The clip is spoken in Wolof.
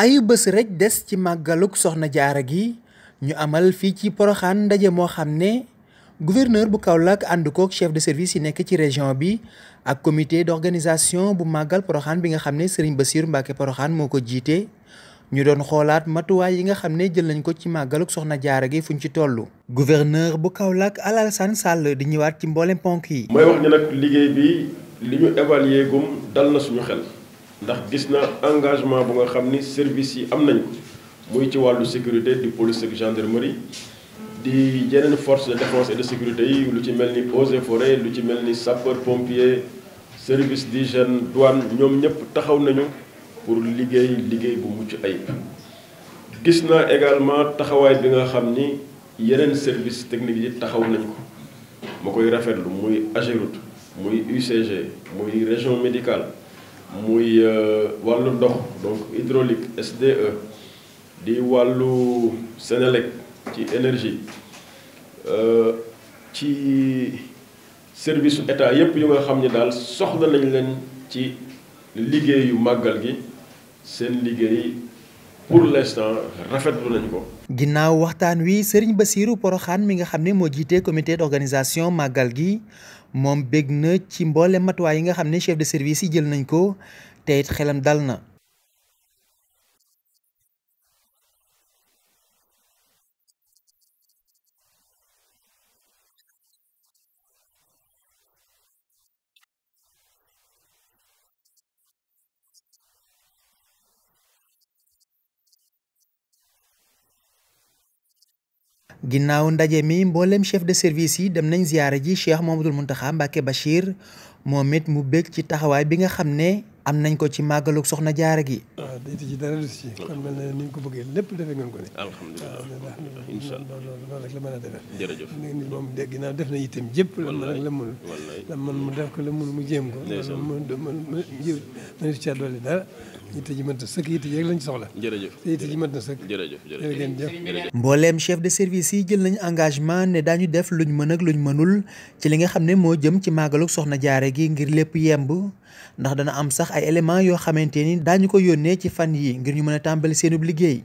ayu bés rek des ci màggaluk soxna jaara gi ñu amal fii ci poroxaan ndaje moo xam ne gouverneur bu kaw Kaolack ànd kook chef de service yi nekk ci région bi ak comité d'organisation bu màggal poroxaan bi nga xam ne Serigne Bassirou Mbacké poroxaan moo ko jiite ñu doon xoolaat matuwaay yi nga xam ne jël nañ ko ci màggaluk soxna jaara gi fuñ ci tollu gouverneur bu kaw Kaolack Alassane Sall di ñëwaat ci mboolem ponk yi. mooy wax ñu nag liggéey bi li ñu évalué ndax gis naa engagement bu nga xam ni service yi am nañ ko muy ci wàllu sécurité di police ak gendarmerie di yeneen force de défense et de sécurité yi lu ci mel ni eaux et forêt lu ci mel ni sapeur pompier service di d'hygiène douane ñoom ñëpp taxaw nañu pour liggéey liggéey bu mucc ay gis naa également taxawaay bi nga xam ni yeneen service technique yi taxaw nañu ko ma koy rafetlu muy AGEROUTE muy UCG muy région médicale muy euh, wàllu ndox donc hydraulique SDE di wàllu Sénélec ci énergie euh, ci service su état yépp yu nga xam ni daal soxla nañ leen ci liggéeyu màggal gi seen liggéey pour ginnaaw waxtaan wi ba siiru Porokhane mi nga xam ne moo jiite commité d'organisation màggal gi moom bég na ci mboole matuwaay yi nga xam ne chef de service yi jël nañ ko te it xelam dal na. ginnaaw ndaje mi mbooleem chef de service yi dem nañ ziyaara ji Cheikh Mouhamadoul Mountakha Mbacké Bachir moom it mu bég ci taxawaay bi nga xam ne am nañ ko ci màggalug soxna jaara gi it ci dara du si kon mel na ko bëggee lépp defee ngeen ko ni alhamdulilah incha allah loolu la mën def na itam jëpp la mën rek la mu def la mënul mu jéem ko mënul mënul ci dolli dara yitte ji mënta sëkk yitte ji lañ soxla jërëjëf yitte ji mënta mbooleem chef de service yi jël nañ engagement ne daañu def luñ mën ak luñ mënul ci li nga xam ne moo jëm ci màggaluk soxna jaare gi ngir lépp yemb ndax dana am sax ay éléments yoo xamante ni daañu ko yónnee ci fan yi ngir ñu mën a tàmbali seenub liggéey